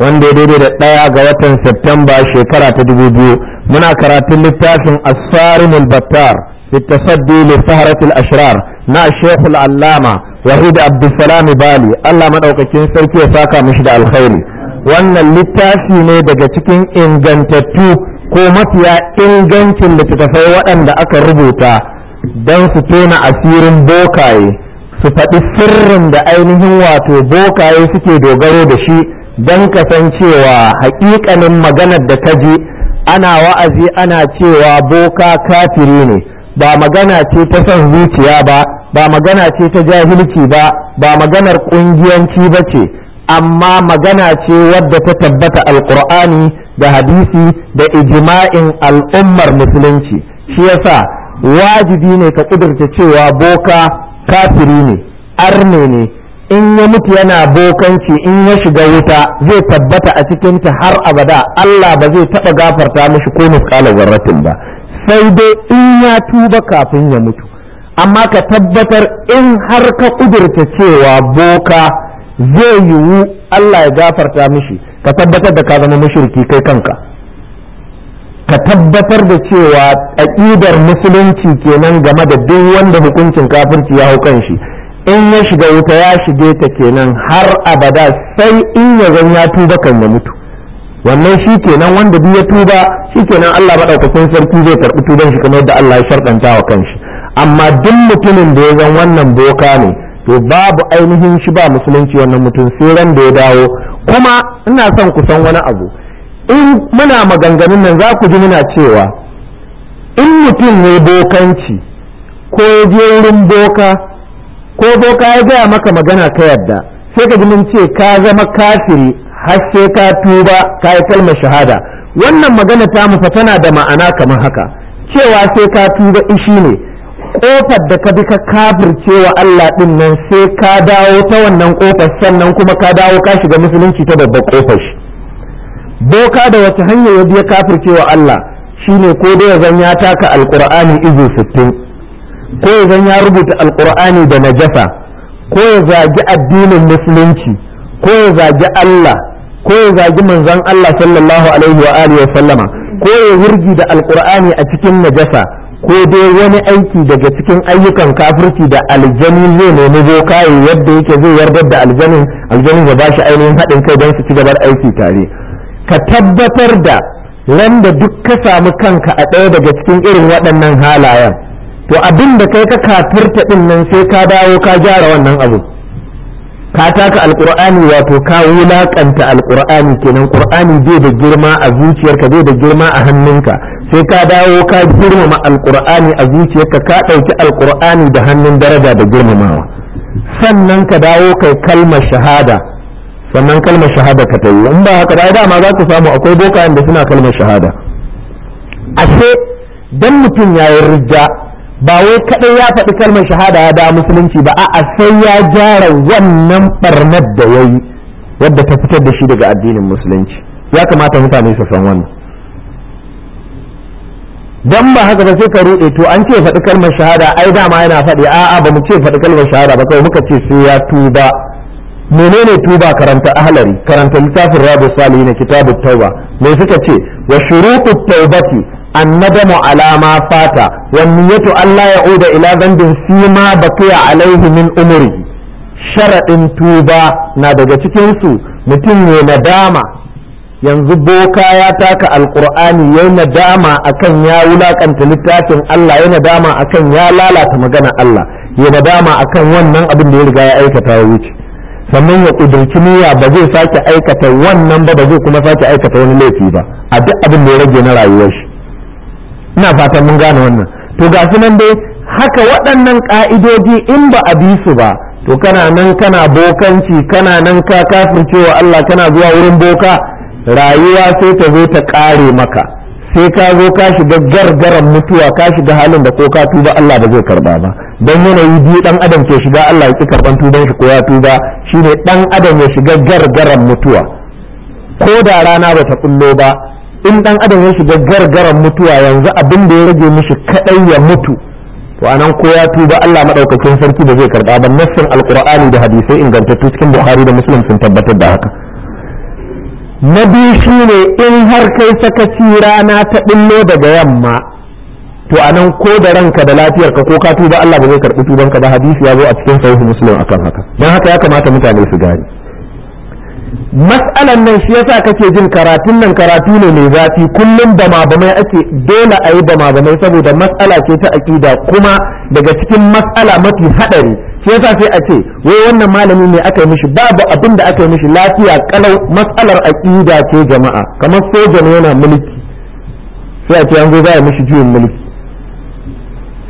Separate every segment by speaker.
Speaker 1: wanda ya daidai da ɗaya ga watan Septemba shekara ta dubu biyu muna karatun littafin asarimul battar littasaddi lissaharatul ashirar na shekul allama wahid abdulsalam bali allah maɗaukakin sarki ya saka mishi da alkhairi wannan littafi ne daga cikin ingantattu ko mafiya ingancin littattafai waɗanda aka rubuta don su tona asirin bokaye su faɗi sirrin da ainihin wato bokaye suke dogaro da shi don cewa haƙiƙanin maganar da ka je ana wa'azi ana cewa boka kafiri ne ba magana ce ta son zuciya ba ba magana ce ta jahilci ba ba maganar ƙungiyanci ba ce amma magana ce wadda ta tabbata alƙur'ani da hadisi da ijima'in al'ummar musulunci shi yasa wajibi ne ka ƙudurta cewa boka kafiri ne arne ne in ya mutu yana bokanci in ya shiga wuta zai tabbata a cikinta har abada Allah ba zai taɓa gafarta mishi ko muskala zarratin ba sai dai in ya tuba kafin ya mutu amma ka tabbatar in har ka kudurta cewa boka zai yiwu Allah ya gafarta mishi ka tabbatar da ka zama mushriki kai kanka ka tabbatar da cewa aƙidar musulunci kenan game da duk wanda hukuncin kafirci ya hau kan in ya shiga wuta ya shige ta kenan har abada sai in ya zan ya tuba kan ya mutu wannan shi kenan wanda duk ya tuba shi kenan Allah maɗaukakin sarki zai karɓi tuban shi kamar yadda Allah ya sharɗanta wa kanshi amma duk mutumin da ya zan wannan boka ne to babu ainihin shi ba musulunci wannan mutum sai ran da ya dawo kuma ina son ku san wani abu in muna maganganun nan za ku ji muna cewa in mutum ne bokanci ko je wurin boka ko boka ya gaya maka magana ka yadda sai ka ji mun ce ka zama kafiri har sai ka tuba ka yi kalmar shahada wannan magana ta mu tana da ma'ana kamar haka cewa sai ka tuba ishi ne kofar da ka bi ka kafirce wa Allah din nan sai ka dawo ta wannan kofar sannan kuma ka dawo ka shiga musulunci ta babbar kofar shi boka da wata hanya ya ya kafirce wa Allah shine ko da zan ya taka alqur'ani izu sittin. ko ya zan ya rubuta alkur'ani da najasa ko zagi addinin musulunci ko zagi Allah ko ya zagi manzon Allah sallallahu alaihi wa alihi wa sallama ko ya wurgi da alkur'ani a cikin najasa ko dai wani aiki daga cikin ayyukan kafirci da aljani zai nemi zo kai yadda yake zai yardar da aljanin aljanin ya bashi ainihin haɗin kai don su ci gabar aiki tare ka tabbatar da randa duk ka samu kanka a ɗaya daga cikin irin waɗannan halayen to abin da kai ka kafirta din nan sai ka dawo ka gyara wannan abu ka taka alqur'ani wato ka wulakanta alqur'ani kenan qur'ani zai da girma a zuciyarka zai da girma a hannunka sai ka dawo ka girmama alqur'ani a zuciyarka ka dauki alqur'ani da hannun daraja da girmamawa sannan ka dawo kai kalmar shahada sannan kalmar shahada ka ta yi in ba haka dai dama za ku samu akwai bokayen da suna kalmar shahada ashe dan mutum ya rijja ba wai kadai ya faɗi kalmar shahada ya da musulunci ba a'a sai ya gyara wannan barnar da yayi wadda ta fitar da shi daga addinin musulunci ya kamata mutane su san wannan dan ba haka ba sai ka rude to an ce faɗi kalmar shahada ai dama yana faɗi a'a ba mu ce faɗi kalmar shahada ba kai muka ce sai ya tuba menene tuba karanta ahlari karanta littafin rabu salihin kitabut tauba me suka ce wa shurutut taubati fata, الندم على ما yauda ila ألا sima bakiya ذنب min بقي عليه tuba na daga cikin su Mutum ne nadama. yanzu boka ya taka alqur'ani ya nadama akan ya wulakanta littafin Allah ya nadama akan ya lalata magana Allah ya nadama akan wannan abin da ya riga ya aikata ya wuce sannan ya kudurci niyya ba zai sake aikata wannan ba ba zai kuma sake aikata wani laifi ba a duk abin da ya rage na rayuwar shi ina fatan mun gane wannan to ga su nan dai haka waɗannan ƙa'idodi in ba a bi su ba to kana nan kana bokanci kana nan ka kafircewa Allah kana zuwa wurin boka rayuwa sai ta zo ta ƙare maka sai ka zo ka shiga gargaran mutuwa ka shiga halin da ko ka tuba Allah ba zai karba ba don yanayi biyu dan adam ke shiga Allah ya ki karban tuban shi ko ya tuba shine dan adam ya shiga gargaran mutuwa ko da rana ba ta kullo ba in dan adam ya shiga gargaran mutuwa yanzu abin da ya rage mishi kadai ya mutu to anan ko ya tuba Allah madaukakin sarki da zai karba ban nassin alqur'ani da hadisai ingantattu cikin bukhari da muslim sun tabbatar da haka na biyu shine in har kai sakaci rana ta dillo daga yamma to anan ko da ranka da lafiyarka ko ka tuba Allah ba zai karbi tubanka ba hadisi ya zo a cikin sahih muslim akan haka dan haka ya kamata mutane su gari. matsalan nan shi yasa kake jin karatun nan karatu ne mai zafi kullum da mabamai ake dole a yi da mabamai saboda matsala ce ta aƙida kuma daga cikin matsala mafi haɗari shi yasa sai a ce wai wannan malami ne aka yi mishi babu abin da aka yi mishi lafiya kalau matsalar aƙida ce jama'a kamar soja yana mulki sai a ce an zo za a mishi juyin mulki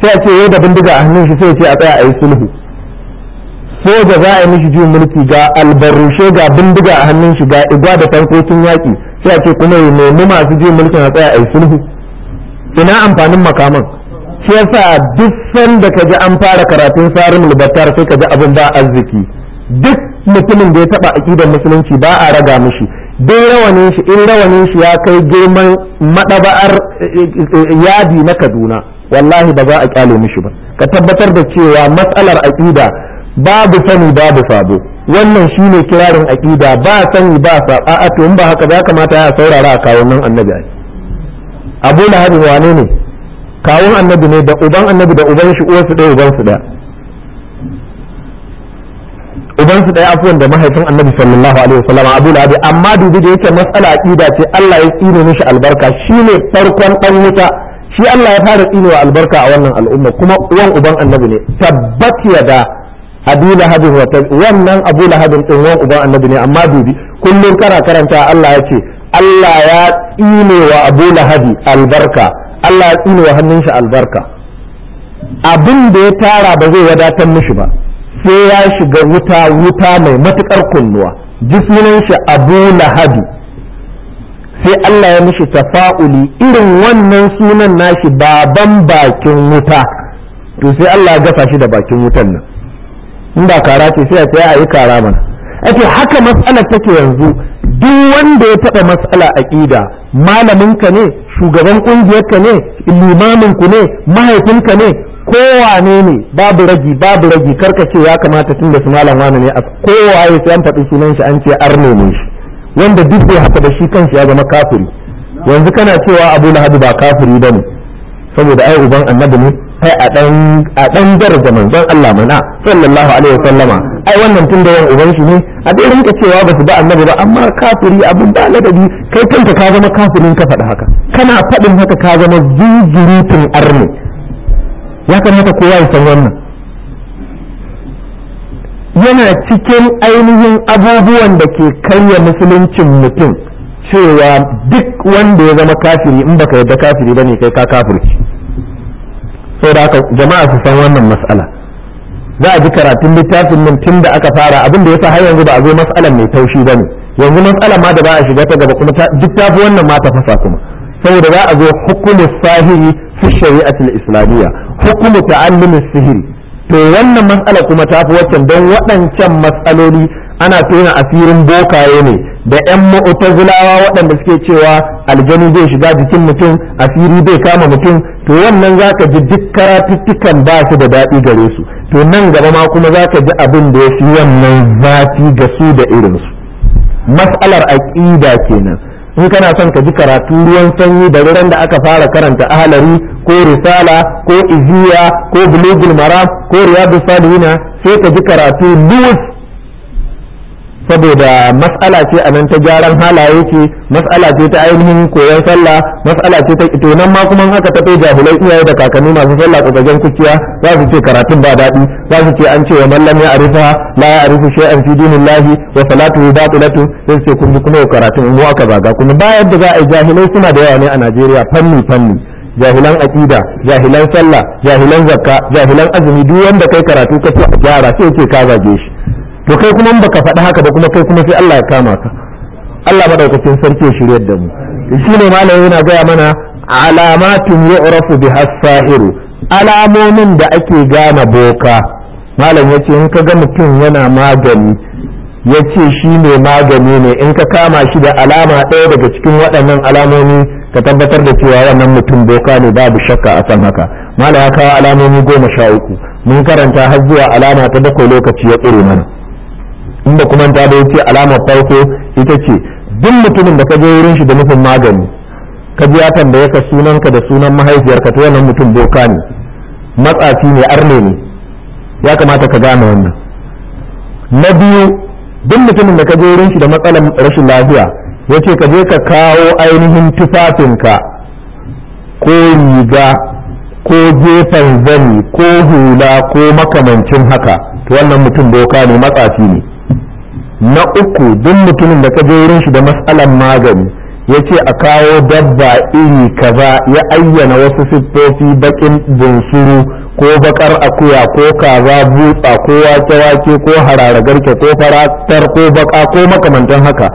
Speaker 1: sai a ce yau da bindiga a hannun shi sai ce a tsaya a yi sulhu soja za a yi mishi juyin mulki ga albarushe ga bindiga a hannun shi ga igwa da tankokin yaƙi sai a ce kuma ya nemi masu juyin mulkin a tsaya a yi sulhu ina amfanin makaman shi yasa duk sanda ka ji an fara karatun sarin mulbatar sai ka ji abin ba arziki duk mutumin da ya taba aƙidar musulunci ba a raga mishi duk rawanin shi in rawanin shi ya kai girman madaba'ar eh, yadi na kaduna wallahi ba za a kyale mishi ba ka tabbatar da cewa matsalar aƙida babu sani babu sabo wannan shine kirarin aqida ba sani ba saba a to ba haka ba kamata ya saurara a kawun nan annabi ai Abu Lahab wane ne kawun annabi ne da uban annabi da uban shi uwarsu ɗaya uban su ɗaya uban su ɗaya afuwan da mahaifin annabi sallallahu alaihi wasallam Abu Lahab amma dubi da yake mas'ala aqida ce Allah ya tsine mishi albarka shine farkon dan wuta shi Allah ya fara tsinewa albarka a wannan al'umma kuma uwan uban annabi ne tabbat da. abu lahabin wata wannan abu lahabin din wan uban annabi ne amma dubi kullum kana karanta Allah ya ce Allah ya tsine wa abu lahabi albarka Allah ya tsine wa hannun shi albarka abin da ya tara ba zai wadatar mishi ba sai ya shiga wuta wuta mai matukar kunnuwa jisminin shi abu lahabi sai Allah ya mishi tafa'uli irin wannan sunan nashi baban bakin wuta to sai Allah ya gasa shi da bakin wutan nan in ba kara ce sai a ce a yi kara mana ake haka matsalar take yanzu duk wanda ya taɓa matsala aƙida malamin ka ne shugaban ƙungiyar ka ne limamin ku ne mahaifin ka ne kowane ne babu ragi babu ragi karka ce ya kamata tun da su malam wani ne a kowaye sai an faɗi sunan shi an ce arne ne shi wanda duk bai haka da shi kanshi ya zama kafiri yanzu kana cewa abu lahadu ba kafiri ba ne saboda ai uban annabi ne kai a dan a dan daraja manzon Allah mana sallallahu alaihi wasallama ai wannan tun da yan uban shi ne a dai rinka cewa ba su ba annabi ba amma kafiri abin da ladabi kai kanka ka zama kafirin ka faɗa haka kana faɗin haka ka zama tun arni ya kamata kowa ya san wannan yana cikin ainihin abubuwan da ke karya musuluncin mutum cewa duk wanda ya zama kafiri in baka yadda kafiri ba bane kai ka kafirci saboda aka jama'a su san wannan mas'ala za a ji karatun littafin nan tun da aka fara abin da yasa har yanzu ba a zo mas'alan mai taushi bane yanzu mas'alan ma da ba a shiga ta gaba kuma duk ta fi wannan ma ta fasa kuma saboda za a zo hukumus sahiri fi shari'atul islamiyya hukumu ta'allumus sihiri to wannan mas'ala kuma ta fi waccan don waɗancan mas'aloli ana tona asirin bokaye ne da yan mu'tazilawa waɗanda suke cewa aljanu zai shiga jikin mutum asiri bai kama mutum to wannan zaka ji duk karatuttukan ba su da daɗi gare su to nan gaba ma kuma zaka ji abin da ya fi wannan zafi ga su da irinsu mas'alar aqida kenan in kana son ka ji karatu ruwan sanyi da ran da aka fara karanta ahalari ko risala ko iziya ko bulugul maram ko riyadu salihina sai ka ji karatu duk saboda mas'ala ce a nan ta gyaran halaye ce mas'ala ce ta ainihin koyon sallah mas'ala ce ta ito nan ma kuma haka ta kai jahilai iyaye da kakanni masu sallah kokarin kuciya za su ce karatun ba daɗi za su ce an ce wa mallam ya arifa la ya shi shay'an fi dinillahi wa salatuhu batilatu sai ce kun kuma karatun mu aka zaga kuma bayan da za a yi jahilai suna da yawa ne a Najeriya fanni fanni jahilan aqida jahilan sallah jahilan zakka jahilan azumi duk wanda kai karatu ka ce a gyara sai ce ka zage shi to kai kuma in baka faɗi haka ba kuma kai kuma sai Allah ya kama ka Allah madaukakin sarki ya shiryar da mu shine malami yana gaya mana alamatin yu'rafu biha sahiru alamomin da ake gane boka malam yace in ka ga mutum yana magani yace shi ne magani ne in ka kama shi da alama ɗaya daga cikin waɗannan alamomi ka tabbatar da cewa wannan mutum boka ne babu shakka a san haka malam ya kawo alamomi goma sha uku mun karanta har zuwa alama ta bakwai lokaci ya tsire mana inda kuma ta da yace alamar farko ita ce duk mutumin da ka je wurin shi da nufin magani ka ji ya tambaye ka sunanka da sunan mahaifiyarka to wannan mutum boka ne matsafi ne arne ne ya kamata ka gane wannan na biyu duk mutumin da ka je wurin shi da matsalar rashin lafiya yace ka je ka kawo ainihin tufafinka ko riga ko gefen zani ko hula ko makamancin haka to wannan mutum boka ne matsafi ne na uku duk mutumin da ka je wurin shi da matsalan magani ya ce a kawo dabba iri kaza ya ayyana wasu siffofi bakin bunsuru ko bakar akuya ko kaza butsa ko wake-wake ko hararagarke ko faratar ko baka ko makamantan haka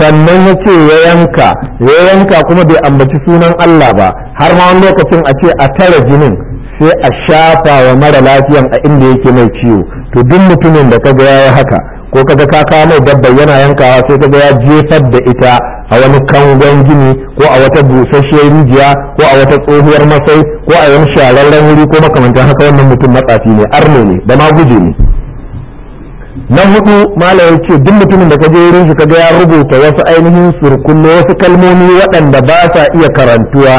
Speaker 1: sannan ya ce ya yanka ya yanka kuma bai ambaci sunan Allah ba har ma wani lokacin a ce a tara jinin sai a shafa wa mara lafiyan a inda yake mai ciwo to duk mutumin da ka ga ya haka ko kaga ka kawo mai dabba yana yankawa sai kaga ya jefar da ita a wani kangon gini ko a wata busasshe rijiya ko a wata tsohuwar masai ko a wani shararren wuri ko makamantan haka wannan mutum matsafi ne arno ne da ma guje ne na hudu malam ya ce duk mutumin da kaje wurin shi kaga ya rubuta wasu ainihin surkullo wasu kalmomi waɗanda ba sa iya karantuwa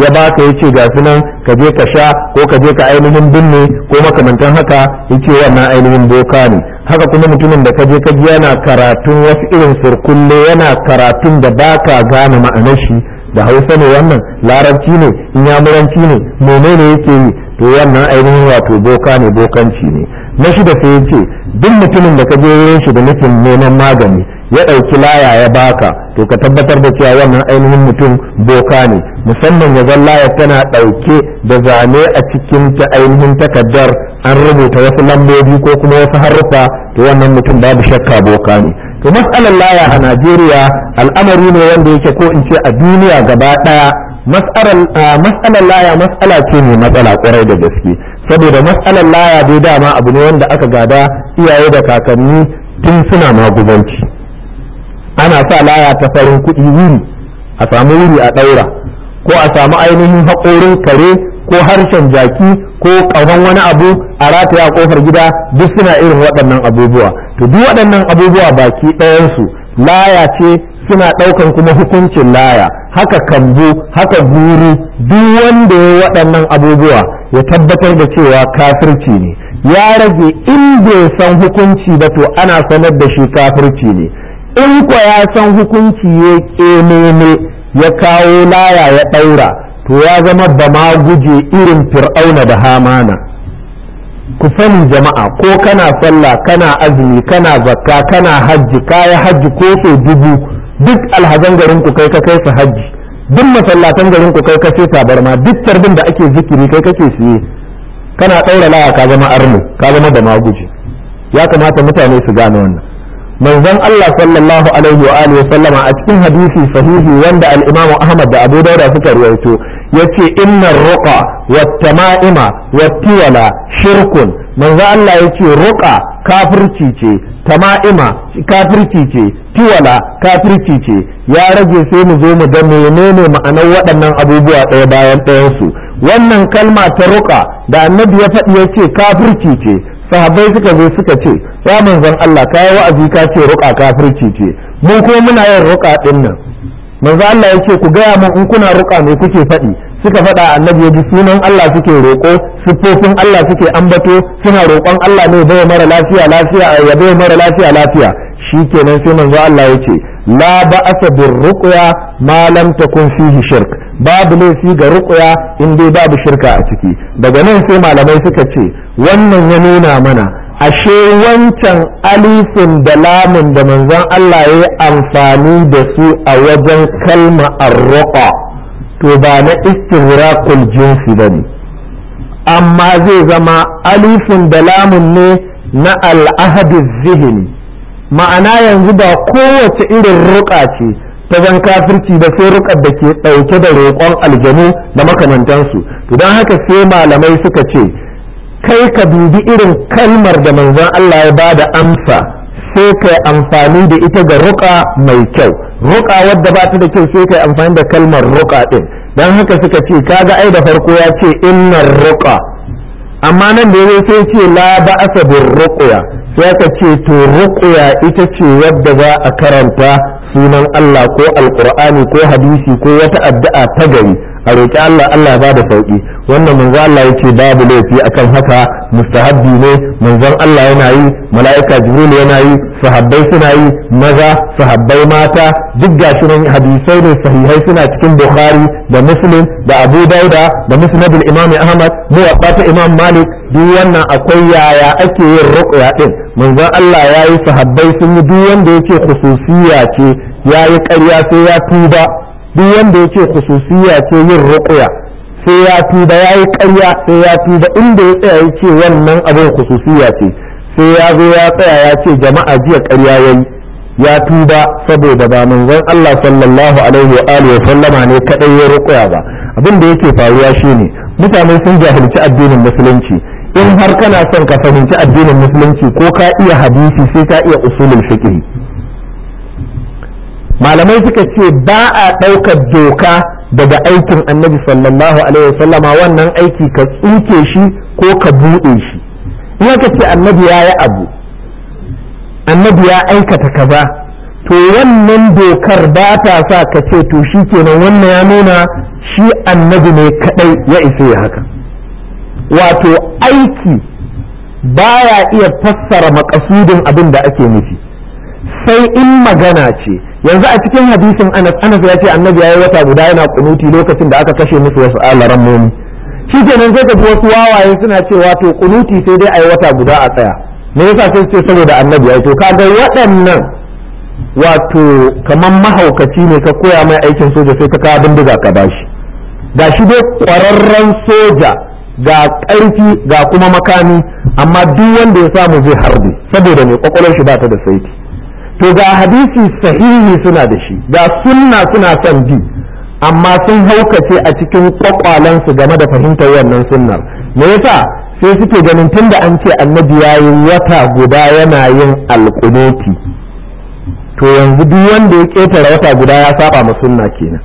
Speaker 1: ya baka yace ga su nan ka je ka sha ko ka je ka ainihin binne ko makamantan haka ya ce wannan ainihin boka ne haka kuma mutumin da kaje kaji yana karatun wasu irin surkulle yana karatun da baka gane ma'anar shi da hausa ne wannan larabci ne inyamuranci ne menene yake yi to wannan ainihin wato boka ne bokanci ne na shida sai ya ce duk mutumin da ka je wurin shi da nufin neman magani ya ɗauki laya ya baka to ka tabbatar da cewa wannan ainihin mutum boka ne musamman ya laya tana ɗauke da zane a cikin ta ainihin takardar an rubuta wasu lambobi ko kuma wasu haruffa to wannan mutum babu shakka boka ne to mas'alar laya a najeriya al'amari ne wanda yake ko in ce a duniya gaba ɗaya mas'alar ah, laya mas'ala ce mai matsala kwarai da gaske saboda matsalar laya dai dama abu ne wanda aka gada iyaye da kakanni tun suna magubanci ana sa laya ta farin kuɗi wuri a samu wuri a ɗaura ko a samu ainihin haƙorin kare ko harshen jaki ko ƙahon wani abu a rataya a ƙofar gida duk suna irin waɗannan abubuwa to duk waɗannan abubuwa baki ɗayansu laya ce suna ɗaukan kuma hukuncin laya haka kambu haka buri duk wanda ya waɗannan abubuwa ya tabbatar da cewa kafirci ne ya rage in bai san hukunci ba to ana sanar da shi kafirci ne in kwa ya san hukunci ya ƙemene ya kawo laya ya ɗaura to ya zama ba ma guje irin fir'auna da hamana ku sani jama'a ko kana sallah kana azumi kana zakka kana hajji kayi hajji ko so dubu duk alhazan garin ku kai ka kai su hajji duk masallatan garin ku kai ka sai tabarma duk tarbin da ake zikiri kai kake siye kana ɗaura laya ka zama arno ka zama da maguji ya kamata mutane su gane wannan manzon Allah sallallahu alaihi wa alihi sallama a cikin hadisi sahihi wanda al-Imam Ahmad da Abu Dawud suka riwayato yace inna ruqa tama'ima ma'ima wattiwala shirkun manzo Allah yace ruqa kafirci ce tama'ima kafirci ce tiwala kafirci ce ya rage sai mu zo mu ga menene ma'anar waɗannan abubuwa ɗaya bayan ɗayan su wannan kalma ta ruqa da annabi ya faɗi yace kafirci ce sahabbai suka zo suka ce ya manzon Allah kai wa'azi ka ce ruqa kafirci ce mu ko muna yin ruqa ɗin manzo Allah yake ku gaya mun in kuna ruka me kuke faɗi suka faɗa annabi yaji sunan Allah suke roƙo siffofin Allah suke ambato suna roƙon Allah ne bai mara lafiya lafiya ya bai mara lafiya lafiya shikenan sai manzo Allah yace la ba'asa bir ruqya ma lam takun fihi shirk babu laifi ga ruqya in dai babu shirka a ciki daga nan sai malamai suka ce wannan ya nuna mana ashe wancan alifin da lamun da manzon Allah ya amfani da su a wajen kalma arroƙa to ba na istihrakul jinsi ba ne amma zai zama alifin da lamun ne na al'ahadin zihini ma'ana yanzu ba kowace irin ruƙa ce ta zan kafirci da sai ruƙar da ke ɗauke da roƙon aljanu da makamantansu to don haka sai malamai suka ce kai ka dubi irin kalmar da manzon Allah ya bada amsa sai kai amfani da ita ga ruka mai kyau ruka wadda ba ta da kyau sai kai amfani da kalmar ruka din dan haka suka ce kaga ai da farko ya ce innar ruka amma nan da yayi sai ce la ba'sa bir ruqya sai ka ce to ruqya ita ce wadda za a karanta sunan Allah ko alqur'ani ko hadisi ko wata addu'a ta gari a roƙi Allah Allah ba da sauƙi wannan manzo Allah yake babu laifi akan haka mustahabbi ne manzon Allah yana yi mala'ika jibril yana yi sahabbai suna yi maza sahabbai mata duk gashi nan hadisai ne sahihai suna cikin bukhari da muslim da abu dauda da musnad al-imam ahmad muwatta fata imam malik duk wannan akwai yaya ake yin ruqya din manzon Allah yayi sahabbai sun yi duk wanda yake khususiyya ce yayi ƙarya sai ya tuba duk wanda ya ce khususiyya ce yin ruqya sai ya tuba ya yi ƙarya sai ya tuba inda ya tsaya ya ce wannan abin khususiyya ce sai ya zo ya tsaya ya ce jama'a jiya karya ya yi ya tuba saboda ba manzon Allah sallallahu alaihi wa alihi wa sallama ne kadai ya ruqya ba abin da yake faruwa shine mutane sun jahilci addinin musulunci in har kana son ka fahimci addinin musulunci ko ka iya hadisi sai ka iya usulul fiqh malamai suka ce ba a ɗaukar doka daga aikin annabi sallallahu alaihi wannan aiki ka tsuke shi ko ka buɗe shi in aka ce annabi ya yi abu annabi ya aikata kaza to wannan dokar ba ta sa ka ce to shi kenan wannan ya nuna shi annabi ne kadai ya isa ya haka wato aiki baya iya fassara makasudin abin da ake nufi sai in magana ce yanzu a cikin hadisin anas anas ya ce annabi yayi wata guda yana kunuti lokacin da aka kashe musu wasu alaran momi shi kenan sai ka ji wasu wawaye suna cewa to kunuti sai dai ayi wata guda a tsaya me yasa sai ce saboda annabi yayi to kaga waɗannan wato kamar mahaukaci ne ka koya mai aikin soja sai ka kawo bindiga ka shi ga shi dai ƙwararren soja ga ƙarfi ga kuma makami amma duk wanda ya samu zai harbe saboda mai ƙwaƙwalwar shi ba ta da saiti to ga hadisi sahihi suna da shi ga sunna suna son bi amma sun haukace a cikin kwakwalansu game da fahimtar wannan sunnar me yasa sai suke ganin tunda an ce annabi ya wata guda yana yin alƙunoti to yanzu duk wanda ya ƙetare wata guda ya saba ma sunna kenan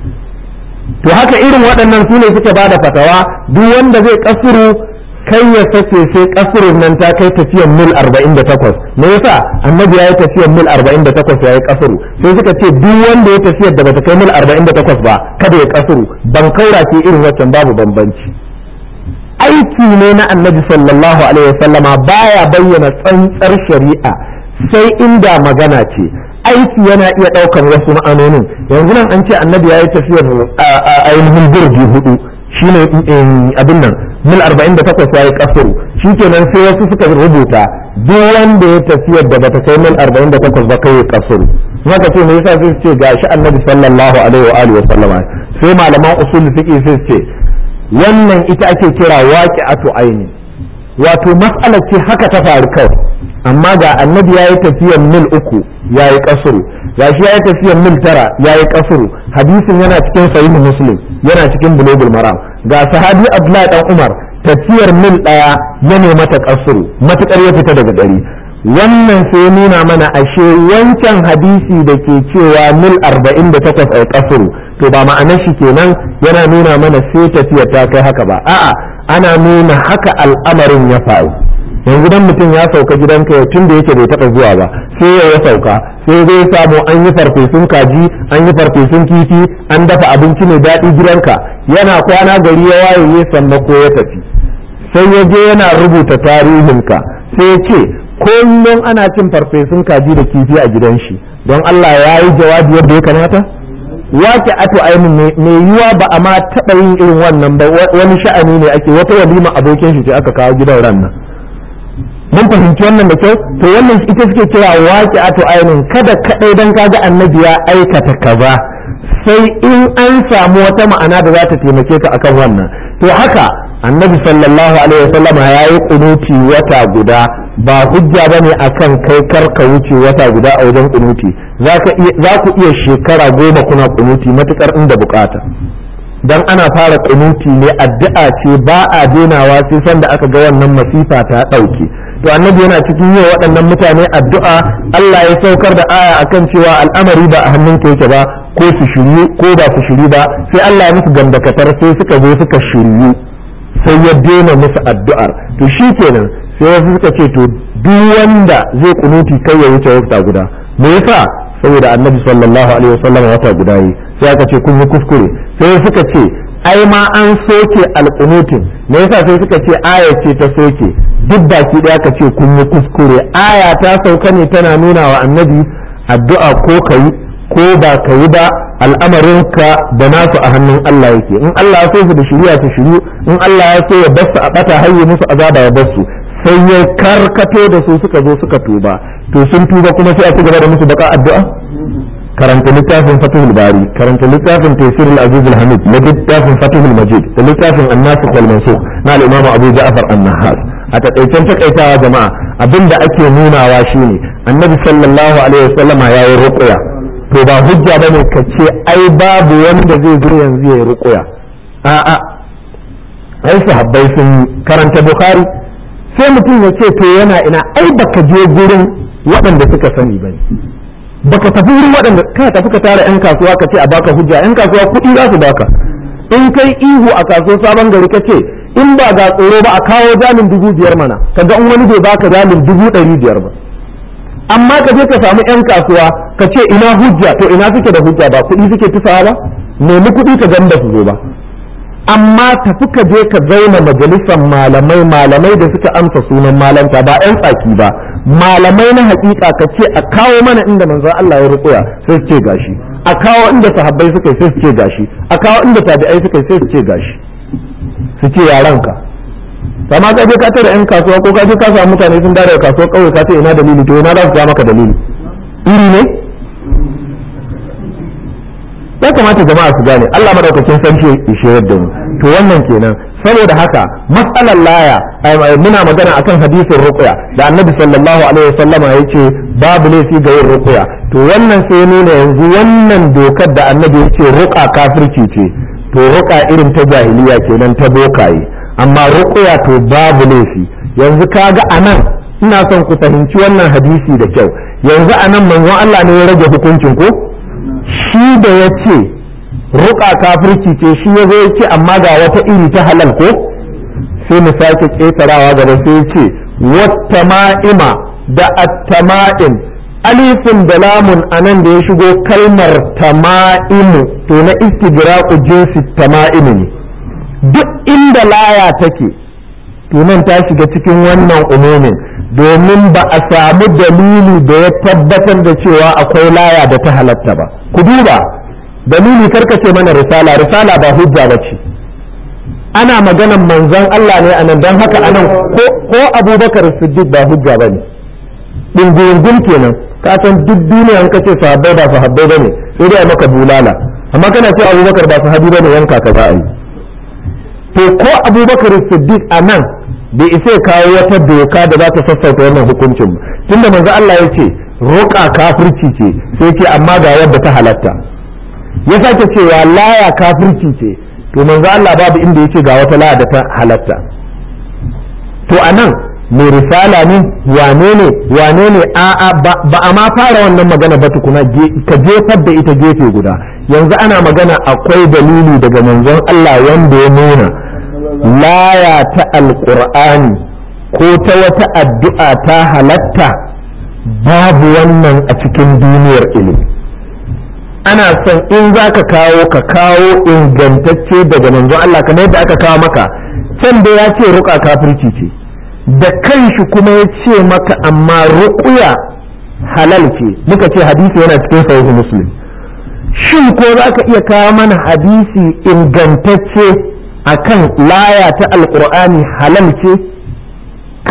Speaker 1: to haka irin waɗannan su ne suke ba da fatawa duk wanda zai kasuru kai ya sake sai kasurin nan ta kai tafiyan mil 48 me yasa annabi yayi tafiyan mil 48 yayi kasuru sai suka ce duk wanda ya tafiyar da bata kai mil 48 ba kada ya kasuru ban kaura ce irin waccan babu bambanci aiki ne na annabi sallallahu alaihi wasallama baya bayyana tsantsar shari'a sai inda magana ce aiki yana iya ɗaukar wasu ma'anonin yanzu nan an ce annabi yayi tafiyar ainihin burbi hudu shine eh, abin nan mil 48 yayi kasuru kenan sai wasu suka rubuta duk wanda ya tafiyar da bata kai mil 48 ba kai kasuru haka ce me yasa sai ce gashi annabi sallallahu alaihi wa alihi wa sallama sai malaman usul fiqi sai ce wannan ita ake kira waqi'atu aini wato mas'alar ce haka ta faru kawai amma ga annabi yayi tafiyar mil uku yayi kasuru gashi yayi tafiyar mil tara yayi kasuru hadisin yana cikin sahih muslim yana cikin bulugul maram ga sahabi abdullahi dan umar tafiyar mil daya ya nema ta kasuru matukar ya fita daga gari wannan sai nuna mana ashe wancan hadisi da ke cewa mil 48 a kasuru to ba ma'anar shi kenan yana nuna mana sai tafiyar ta kai haka ba a'a ana nuna haka al'amarin ya faru yanzu dan mutum ya sauka gidanka ya tun da yake bai taɓa zuwa ba sai ya ya sauka sai zai samu an yi farfesun kaji an yi farfesun kifi an dafa abinci mai daɗi gidanka yana kwana gari ya waye sannan ko ya tafi sai ya je yana rubuta tarihinka sai ya ce kullum ana cin farfesun kaji da kifi a gidan shi don Allah ya yi jawabi yadda ya kamata wake ato ainihin mai yiwa ba a ma taɓa yin irin wannan ba wani sha'ani ne ake wata walima abokin shi ce aka kawo gidan ran nan mun fahimci wannan da kyau to wannan ita suke kira waƙi ato ainihin kada kaɗai don kaga annabi ya aikata kaza sai in an samu wata ma'ana da za ta taimake ka akan wannan to haka annabi sallallahu alaihi wasallam ya yi kunuti wata guda ba hujja ba ne akan kai karka wuce wata guda a wajen kunuti za ku iya shekara goma kuna kunuti matukar inda bukata dan ana fara kunuti ne addu'a ce ba a denawa sai sanda aka ga wannan masifa ta ɗauke to annabi yana cikin yi wa waɗannan mutane addu'a Allah ya saukar da aya akan cewa al'amari ba a hannun ka yake ba ko su shiryu ko ba su shiryu ba sai Allah ya musu gambakatar sai suka zo suka shiryu sai ya daina musu addu'ar to shi kenan sai wasu suka ce to duk wanda zai kunuti kai ya wuce wata guda me yasa saboda annabi sallallahu alaihi wasallam wata guda yi sai aka ce kun yi kuskure sai suka ce ai ma an soke alkunutin me yasa sai suka ce aya ce ta soke duk baki ɗaya ka ce kun yi kuskure aya ta sauka ne tana nuna wa annabi addu'a ko ka yi ko ba ka yi ba al'amarinka da nasu a hannun Allah yake in Allah ya so su da shiriya su shiru in Allah ya so ya bar su a bata hayye musu azaba ya bar su sai ya karkato da su suka zo suka tuba to sun tuba kuma sai a ci gaba da musu baka addu'a karanta littafin fatihul bari karanta littafin tafsir azizul hamid na littafin fatihul majid da littafin an wal mansukh na al-imam abu ja'far an-nahas a takaicen taƙaitawa jama'a abin da ake nunawa shine annabi sallallahu alaihi ya yi ruqya to ba hujja bane ka ce ai babu wanda zai zo yanzu ya yi ruqya a'a ai sahabbai sun karanta bukhari sai mutum ya ce to yana ina ai baka je gurin waɗanda suka sani bane baka tafi wurin waɗanda ka tafi ka tara yan kasuwa ka ce a baka hujja yan kasuwa kuɗi za su baka in kai ihu a kasuwar sabon gari ka ce in ba ga tsoro ba a kawo jamin dubu biyar mana ka ga wani bai baka jamin dubu ɗari biyar ba amma ka je ka samu yan kasuwa ka ce ina hujja to ina suke da hujja ba kuɗi suke tufawa ba nemi kuɗi ka gan da su zo ba amma tafi ka je ka zauna majalisar malamai malamai da suka amsa sunan malanta ba yan tsaki ba malamai na hakika ka ce a kawo mana inda manzon Allah ya rukuya sai ce gashi a kawo inda sahabbai suka sai su ce gashi a kawo inda tabi'ai suka sai su ce gashi su ce yaran ka amma ka je ka tare yan kasuwa ko ka je ka samu mutane sun dare kasuwa kauye ka ce ina dalili to ina za su ja maka dalili iri ne ya kamata jama'a su gane Allah madaukakin sarki ya shirar da mu to wannan kenan saboda haka matsalar laya muna magana akan hadisin ruqya da annabi sallallahu alaihi wasallama ya ce babu laifi ga yin ruqya to wannan sai nuna yanzu wannan dokar da annabi ya ce ruqa kafirci ce to ruqa irin ta jahiliya kenan ta bokaye amma ruqya to babu laifi yanzu kaga anan ina son ku fahimci wannan hadisi da kyau yanzu anan manzon Allah ne ya rage hukuncin ko shi da ya ce ruka kafirci ce shi ya zo ce amma ga wata iri ta halal ko sai mu sake ketarawa gaba sai ce waTama'ima ma'ima da attama'in alifin da lamun a nan da ya shigo kalmar tama'imu to na istigraqu jinsi tama'imu ne duk inda laya take to nan ta shiga cikin wannan umumin domin ba a samu dalili da ya tabbatar da cewa akwai laya da ta halatta ba ku duba dalili karkace mana risala risala ba hujja ba ce ana maganan manzon Allah ne anan don haka anan ko abubakar siddiq ba hujja ba ne ɗungurungun kenan ka san duk duniya an kace sahabbai ba sahabbai ba ne sai dai maka bulala amma kana ce abubakar ba sahabi ba ne yanka ka za a yi to ko abubakar siddiq anan bai isa kawo wata doka da za ta sassauta wannan hukuncin ba tunda manzon Allah ya ce roƙa kafirci ce sai ce amma ga yadda ta halatta ya sake cewa laya kafirci ce to manzo Allah babu inda yake ga wata laya da ta halatta to anan mai risala ne wane ne wane ne a'a ba a ma fara wannan magana ba tukuna ka jefar da ita gefe guda yanzu ana magana akwai dalili daga manzon Allah wanda ya nuna laya ta alqur'ani ko ta wata addu'a ta halatta babu wannan a cikin duniyar ilimi ana son in za ka kawo ka kawo ingantacce daga manzo Allah kamar yadda aka kawo maka can da ya ce ruka kafirci ce da kanshi kuma ya ce maka amma ruƙuya halal ce muka ce hadisi yana cikin sahihu muslim shin ko za ka iya kawo mana hadisi ingantacce a kan laya ta alƙur'ani halal ce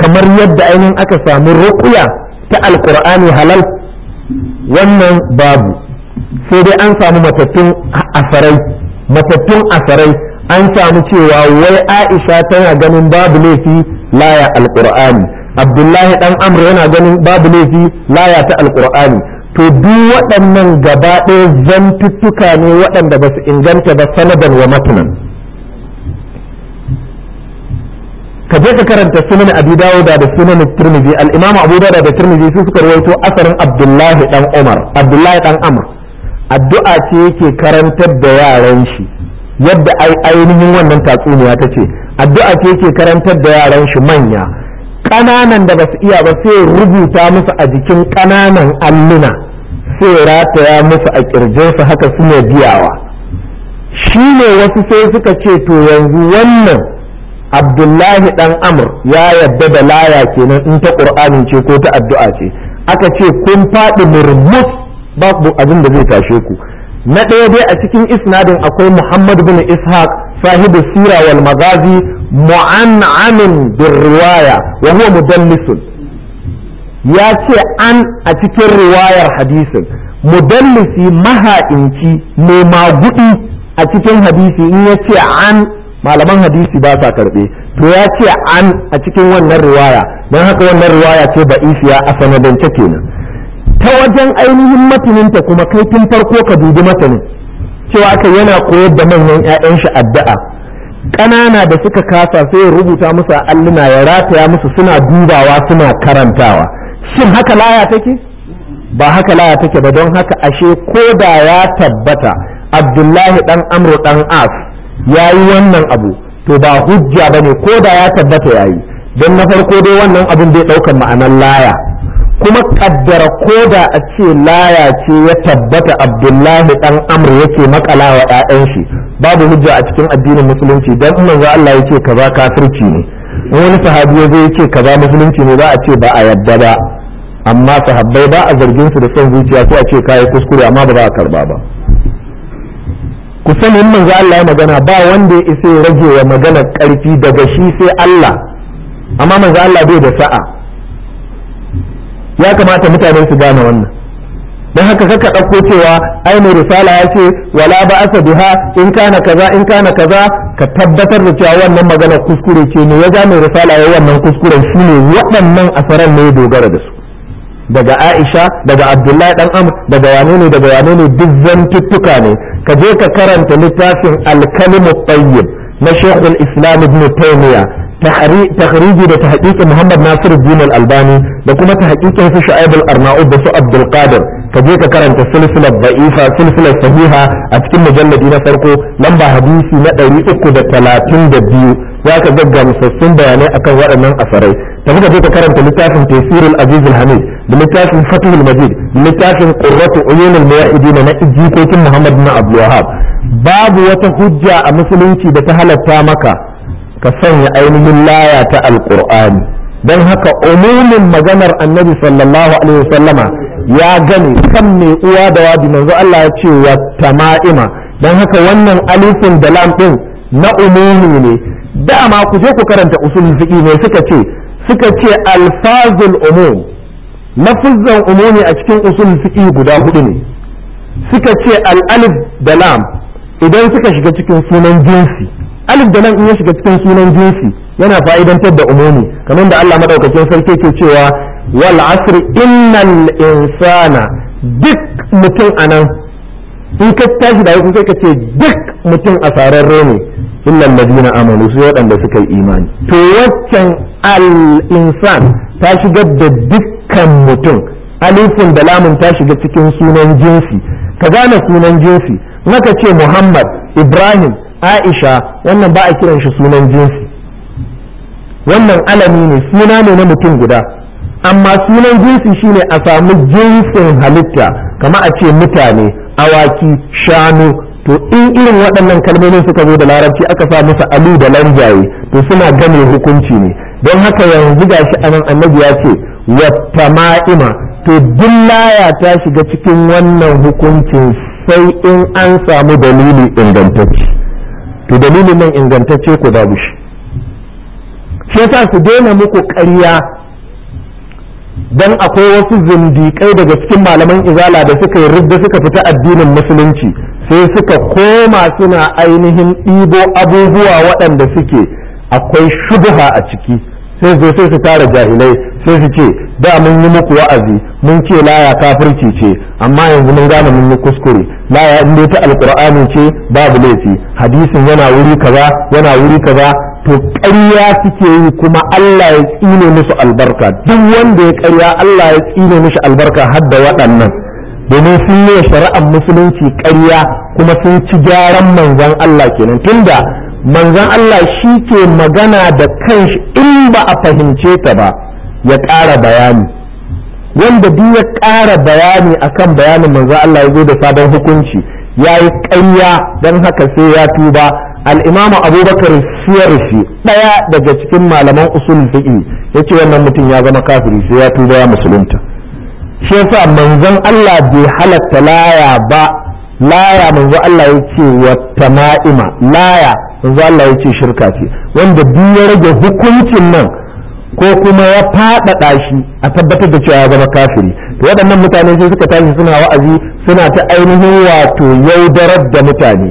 Speaker 1: kamar yadda ainihin aka samu ruƙuya ta alƙur'ani halal wannan babu sai dai an samu matattun asarai matattun asarai an samu cewa wai aisha tana ganin babu laifi laya alqur'ani abdullahi dan amr yana ganin babu laifi laya ta alqur'ani to duk waɗannan gaba ɗaya zantuttuka ne waɗanda ba su inganta ba sanadan wa matnan ka je ka karanta sunan abi dawuda da sunan tirmidhi al-imam abu dawuda da tirmidhi su suka rawaito asarin abdullahi dan umar abdullahi dan amr addu'a ce yake karantar da yaran shi yadda ainihin wannan tatsuniya ta ce addu'a ce yake karantar da yaran shi manya ƙananan da basu iya ba sai rubuta musu a jikin ƙananan alluna sai rataya musu a ƙirjinsu haka suna biyawa shi ne wasu sai suka ce to yanzu wannan abdullahi dan amr ya yadda da laya kenan in ta ƙur'ani ce ko ta addu'a ce aka ce kun faɗi murmus ba ku abin da zai tashe ku na ɗaya dai a cikin isnadin akwai muhammad bin ishaq sahibu sira wal magazi mu'an'amin bin riwaya wa huwa mudallisun ya ce an a cikin riwayar hadisin mudallisi maha'inci mai magudi a cikin hadisi in ya ce an malaman hadisi ba sa karɓe to ya ce an a cikin wannan riwaya don haka wannan riwaya ce ba isiya a sanadance kenan ta wajen ainihin matuninta kuma kai tun farko ka dubi matanin cewa aka yana koyar da manyan 'ya'yan shi addu'a ƙanana da suka kasa sai ya rubuta musu alluna ya rataya musu suna dubawa suna karantawa shin haka laya take ba haka laya take ba don haka ashe ko da ya tabbata abdullahi ɗan amru ɗan as ya yi wannan abu to ba hujja ba ne ko da ya tabbata ya yi don na farko dai wannan abin zai ɗaukar ma'anar laya kuma kaddara koda a ce laya ce ya tabbata abdullahi dan amr yake makala wa ƴaƴan shi babu hujja a cikin addinin musulunci dan manzo Allah yake kaza kafirci ne wani sahabi yazo yake kaza musulunci ne za a ce ba a yadda ba amma sahabbai ba a zargin su da son zuciya sai a ce kai kuskure amma ba za a karba ba ku sani in manzo Allah ya magana ba wanda ya isa ya rage wa magana karfi daga shi sai Allah amma manzo Allah bai da sa'a ya kamata mutane su gane wannan don haka kaka ɗauko cewa ai mai risala ya ce wala ba asa biha in kana kaza in kana kaza ka tabbatar da cewa wannan magana kuskure ce ne ya ja mai risala ya wannan kuskuren shi ne waɗannan asaran ne dogara da su daga Aisha daga Abdullahi dan Amr daga wane ne daga wane ne duk zantuttuka ne ka je ka karanta littafin al-kalimu tayyib na Sheikhul Islam Ibn Taymiyyah tahriji da tahqiqi Muhammad Nasiru Din Al-Albani da kuma tahqiqin su Shu'aib Al-Arnaud da su Abdul Qadir ka je ka karanta silsilar da'ifa silsilar sahiha a cikin mujalladi na farko lamba hadisi na da talatin 332 zaka ga gamsassun bayanai akan waɗannan asarai tafi ka je ka karanta littafin Tafsirul Aziz hamid da littafin Fathul Majid littafin Qurratu Uyun Al-Muwahhidin na jikokin Muhammad bin Abdul babu wata hujja a musulunci da ta halatta maka ka sanya ainihin laya ta alƙur'ani don haka umumin maganar annabi sallallahu alaihi wasallama ya gane kan mai uwa da wadi manzo Allah ya ce wa tama'ima don haka wannan alifin da lam din na umumi ne dama ku je ku karanta usul fiqi ne suka ce suka ce alfazul umum lafazan umumi a cikin usul fiqi guda hudu ne suka ce al alif da lam idan suka shiga cikin sunan jinsi alif da nan in ya shiga cikin sunan jinsi yana fa'idantar da umumi kamar da Allah madaukakin sarki ke cewa wal asr innal insana duk mutum anan in ka tashi da yau sai ka ce duk mutum a asararre ne illal ladina amanu su waɗanda suka yi imani to waccan al insan ta shigar da dukkan mutum alifin da lamun ta shiga cikin sunan jinsi ka gane sunan jinsi naka ce Muhammad Ibrahim aisha wannan ba a kiran shi sunan jinsi wannan alami ne suna ne na mutum guda amma sunan jinsi shine a samu jinsin halitta kama a ce mutane awaki shanu to in irin waɗannan kalmomin suka zo da larabci aka sa musu alu da lanjaye to suna gane hukunci ne don haka yanzu ga shi anan annabi ya ce wata ma'ima to laya ta shiga cikin wannan hukuncin sai in an samu dalili ingantacce to dalilin nan ingantacce ku babu shi shi yasa ku daina muku ƙarya dan akwai wasu zindiƙai daga cikin malaman izala da suka yi rubda suka fita addinin musulunci sai suka koma suna ainihin ɗibo abubuwa waɗanda suke akwai shubha a ciki sai zo sai su tara jahilai sai su ce da mun yi muku wa'azi mun ce laya kafirci ce amma yanzu mun gane mun yi kuskure laya ya inda ta alqur'ani ce babu laifi hadisin yana wuri kaza yana wuri kaza to ƙarya suke yi kuma Allah ya tsine musu albarka duk wanda ya ƙarya Allah ya tsine mishi albarka har da waɗannan domin sun yi shari'ar musulunci ƙarya kuma sun ci gyaran manzon Allah kenan tunda manzon Allah shi ke magana da kanshi in ba a fahimce ta ba ya ƙara bayani wanda duk ya ƙara bayani akan bayanin manzo Allah ya zo da sabon hukunci ya yi ƙarya don haka sai ya tuba al abubakar abubakar shi ɗaya daga cikin malaman usul ya yace wannan mutum ya zama kafiri sai ya tuba ya musulunta shi yasa manzon Allah bai halatta laya ba laya manzo Allah ya ce wa ma'ima laya manzo Allah yace shirka ce wanda duk ya rage hukuncin nan ko kuma ya faɗaɗa shi a tabbatar da cewa ya zama kafiri to waɗannan mutane sai suka tashi suna wa'azi suna ta ainihin wato yaudarar da mutane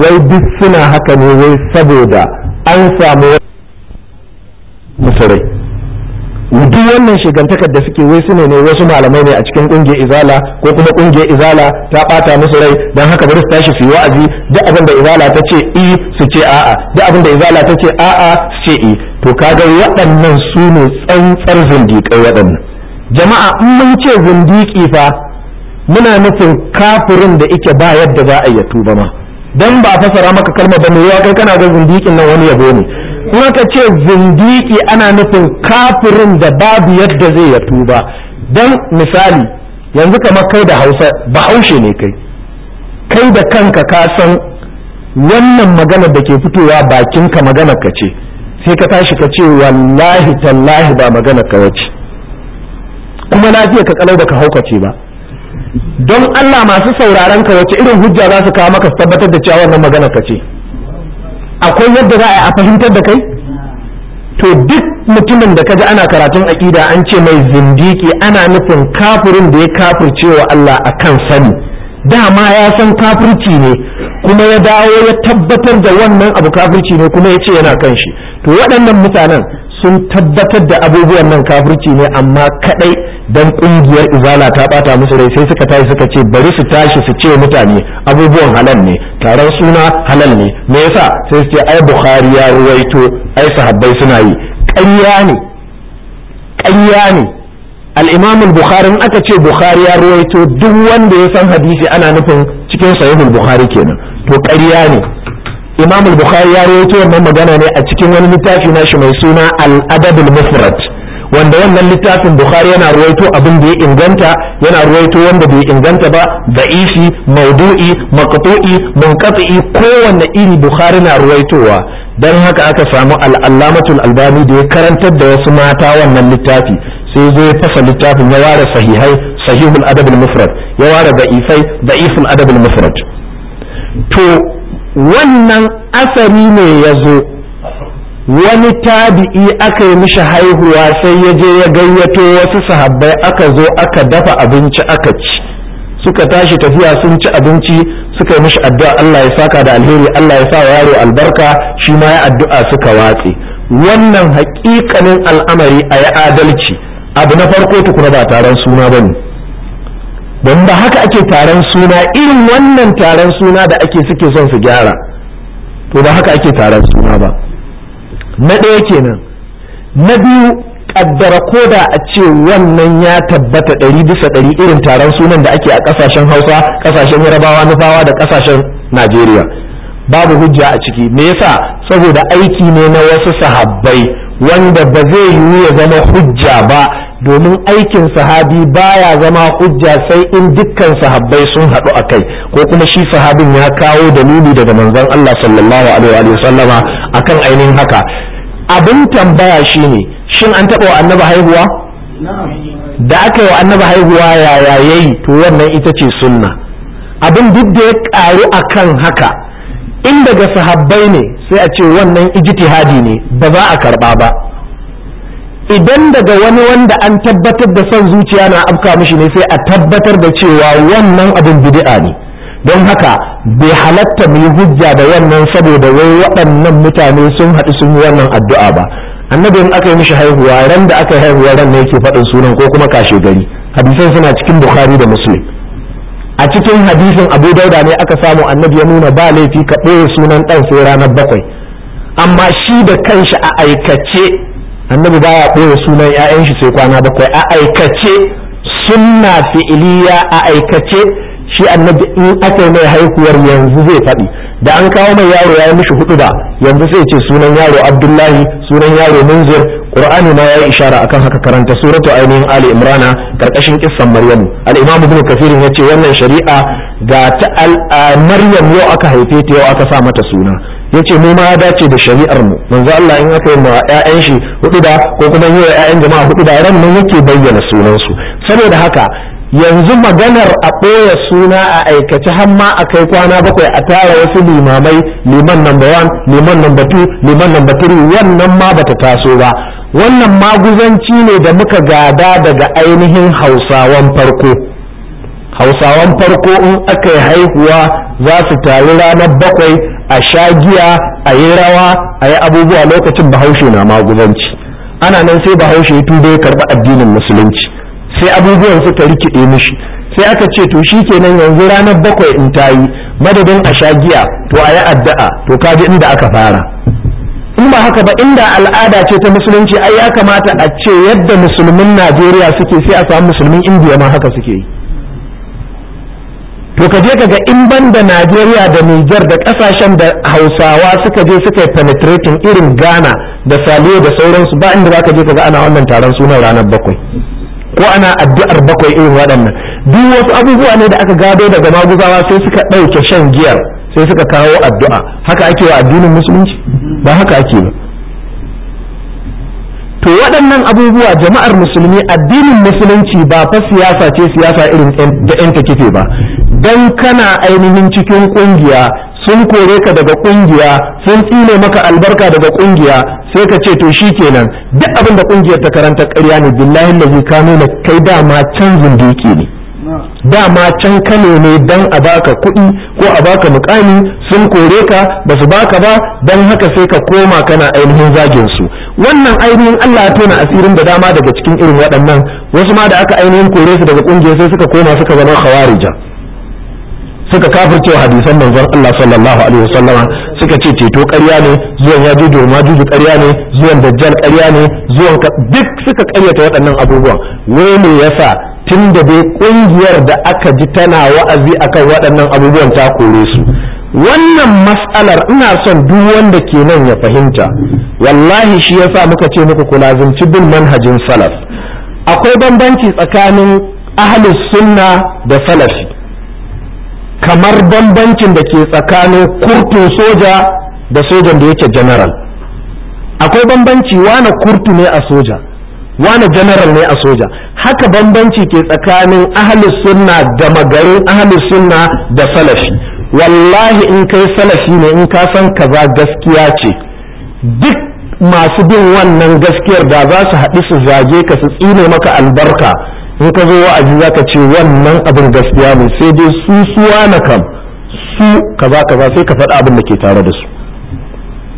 Speaker 1: wai duk suna haka ne wai saboda an samu musarai duk wannan shigantakar da suke wai sune ne wasu malamai ne a cikin kungiyar izala ko kuma kungiyar izala ta bata musu rai don haka bari su tashi su yi wa'azi duk abin da izala ta ce i su ce a'a duk abin da izala ta ce a'a su ce i to kaga waɗannan su ne tsantsar zindiƙai waɗannan jama'a in mun ce zindiƙi fa muna nufin kafirin da ike ba yadda za a yi tuba ma dan ba fasara maka kalma ne ya kai kana ga zindiƙin nan wani yabo ne kuma ka ce zindiki ana nufin kafirin da babu yadda zai ya tuba don misali yanzu kamar kai da hausa bahaushe ne kai kai da kanka ka san wannan magana da ke fitowa bakinka magana ka ce sai ka tashi ka ce wallahi tallahi ba magana ka wace kuma fiye ka kalau da ka haukace ba don Allah masu sauraron ka wace irin hujja za su kawo maka tabbatar da cewa wannan magana ka ce akwai yadda za a fahimtar da kai to duk mutumin da kaji ana karatun aƙida an ce mai zindiki ana nufin kafirin da ya kafirce wa Allah akan sani dama ya san kafirci ne kuma ya dawo ya tabbatar da wannan abu kafirci ne kuma ya ce yana kan shi to waɗannan mutanen sun tabbatar da abubuwan nan kafirci ne amma kadai dan kungiyar izala ta bata musu rai sai suka tashi suka ce bari su tashi su ce mutane abubuwan halal ne taron suna halal ne me yasa sai su ce ai bukhari ya ruwaito ai sahabbai suna yi ƙarya ne ƙarya ne al-imam al-bukhari aka ce bukhari ya ruwaito duk wanda ya san hadisi ana nufin cikin sahihul bukhari kenan to ƙarya ne imam al-bukhari ya rawaito wannan magana ne a cikin wani littafi nashi mai suna al-adab al-mufrad wanda wannan littafin bukhari yana ruwaito abin da ya inganta yana ruwaito wanda bai inganta ba da'ifi maudu'i maqtu'i munqati kowanne iri bukhari na ruwaitowa dan haka aka samu al-allamatul albani da ya karantar da wasu mata wannan littafi sai zo ya fasa littafin ya ware sahihai sahihul adab al-mufrad ya ware da'ifai da'iful adab al-mufrad to wannan asari ne ya zo wani tabi'i aka yi mishi haihuwa sai ya je ya gayyato wasu sahabbai aka zo aka dafa abinci aka ci suka tashi tafiya sun ci abinci suka yi mishi addu'a Allah ya saka da alheri Allah ya sa wa yaro albarka shi ma ya addu'a suka watse wannan haƙiƙanin al'amari a ya adalci abu na farko tukuna ba taron suna bane don ba haka ake taron suna irin wannan taron suna da ake suke son su gyara to ba haka ake taron suna ba na ɗaya kenan na biyu kaddara koda a ce wannan ya tabbata ɗari bisa ɗari irin taron sunan da ake a ƙasashen hausa ƙasashen yarabawa nufawa da ƙasashen najeriya babu hujja a ciki me yasa saboda aiki ne na wasu sahabbai wanda ba zai yiwu ya zama hujja ba domin aikin sahabi baya zama hujja sai in dukkan sahabbai sun haɗu a kai ko kuma shi sahabin ya kawo dalili daga manzon Allah sallallahu alaihi wa sallama akan ainihin haka abin tambaya shine shin an taɓa wa haihuwa da aka yi wa annabi haihuwa yaya yayi to wannan ita ce sunna abin duk da ya ƙaru akan haka in daga sahabbai ne sai a ce wannan ijtihadi ne ba za a karba ba idan daga wani wanda an tabbatar da son zuciya na afka mishi ne sai a tabbatar da cewa wannan abin bid'a ne don haka bai halatta mu hujja da wannan saboda wai waɗannan mutane sun haɗu sun yi wannan addu'a ba annabi in aka yi mishi haihuwa ran da aka yi haihuwa ran ne yake faɗin sunan ko kuma kashe gari hadisan suna cikin bukhari da muslim a cikin hadisin abu dauda ne aka samu annabi ya nuna ba laifi ka ɗaya sunan ɗan sai ranar bakwai amma shi da kanshi a aikace annabi baya ɓoye sunan 'ya'yan shi sai kwana bakwai a aikace sunna fi'iliya a aikace shi annabi in aka yi mai haihuwar yanzu zai faɗi da an kawo mai yaro ya yi mishi huɗu ba yanzu sai ce sunan yaro abdullahi sunan yaro munzir qur'ani ma yi ishara akan haka karanta suratu ainihin ali imrana karkashin kissan maryamu al-imam ibn kathir ce wannan shari'a ga ta maryam yau aka haife ta yau aka sa mata suna yace mu ma ya dace da shari'ar mu manzo Allah in aka yi ma ƴaƴan shi huɗu da ko kuma yi wa ƴaƴan jama'a hudu da ran nan yake bayyana sunansu saboda haka yanzu maganar a ɓoye suna a aikace har ma a kai kwana bakwai a tara wasu limamai liman number one liman number two liman number three wannan ma bata taso ba wannan maguzanci ne da muka gada daga ainihin hausawan farko hausawan farko in aka yi haihuwa za su taru ranar bakwai a shagiya a yi rawa a yi abubuwa lokacin bahaushe na maguzanci ana nan sai bahaushe ya tuba ya karɓi addinin musulunci sai abubuwan suka rikide mishi sai aka ce to shi kenan yanzu ranar bakwai in ta yi madadin a shagiya to a yi addu'a to kaji inda aka fara in ba haka ba inda al'ada ce ta musulunci ai ya kamata a ce yadda musulmin najeriya suke sai a samu musulmin indiya ma haka suke yi to kaje je ka ga in ban da najeriya da niger da kasashen da hausawa suka je suka yi penetrating irin ghana da saliyo da sauransu ba inda za ka je ka ga ana wannan taron sunan ranar bakwai ko ana addu'ar bakwai irin waɗannan duk wasu abubuwa ne da aka gado daga maguzawa sai suka ɗauke shan giyar sai suka kawo addu'a haka ake wa addinin musulunci ba haka ake ba to waɗannan abubuwa jama'ar musulmi addinin musulunci ba fa siyasa ce siyasa irin da yan kife ba dan kana ainihin cikin kungiya sun kore ka daga kungiya sun tsine maka albarka daga kungiya sai ka ce to shikenan duk abin da kungiyar ta karanta ƙarya ne billahi lazi ka nuna kai dama can duki ne dama can kano ne dan a baka kuɗi ko a baka mukami sun kore ka ba su baka ba dan haka sai ka koma kana ainihin zagin su wannan ainihin Allah ya tona asirin da dama daga cikin irin waɗannan wasu ma da aka ainihin kore su daga ƙungiyar sai suka koma suka zama khawarija suka kafirce hadisan manzon Allah sallallahu alaihi wasallama suka ce ceto ƙarya ne zuwan ya jujo ma juju ƙarya ne zuwan dajjal ƙarya ne zuwan duk suka ƙaryata waɗannan abubuwan wai me yasa tun da dai ƙungiyar da aka ji tana wa'azi akan waɗannan abubuwan ta kore su wannan matsalar ina son duk wanda ke nan ya fahimta wallahi shi yasa muka ce muku ku lazimci bin manhajin salaf akwai bambanci tsakanin ahlus sunna da salafi kamar bambancin da ke tsakanin kurtun soja da sojan da yake general akwai bambanci wane kurtu ne a soja wane general ne a soja haka bambanci ke tsakanin ahalus sunna da magarin ahalus sunna da salafi wallahi in kai salafi ne in ka san kaza gaskiya ce duk masu bin wannan gaskiyar da za su haɗu su zage ka su tsine maka albarka in ka zo wa'azi za ka ce wannan abin gaskiya ne sai dai su suwa na kam su kaza kaza sai ka faɗa abin da ke tare da su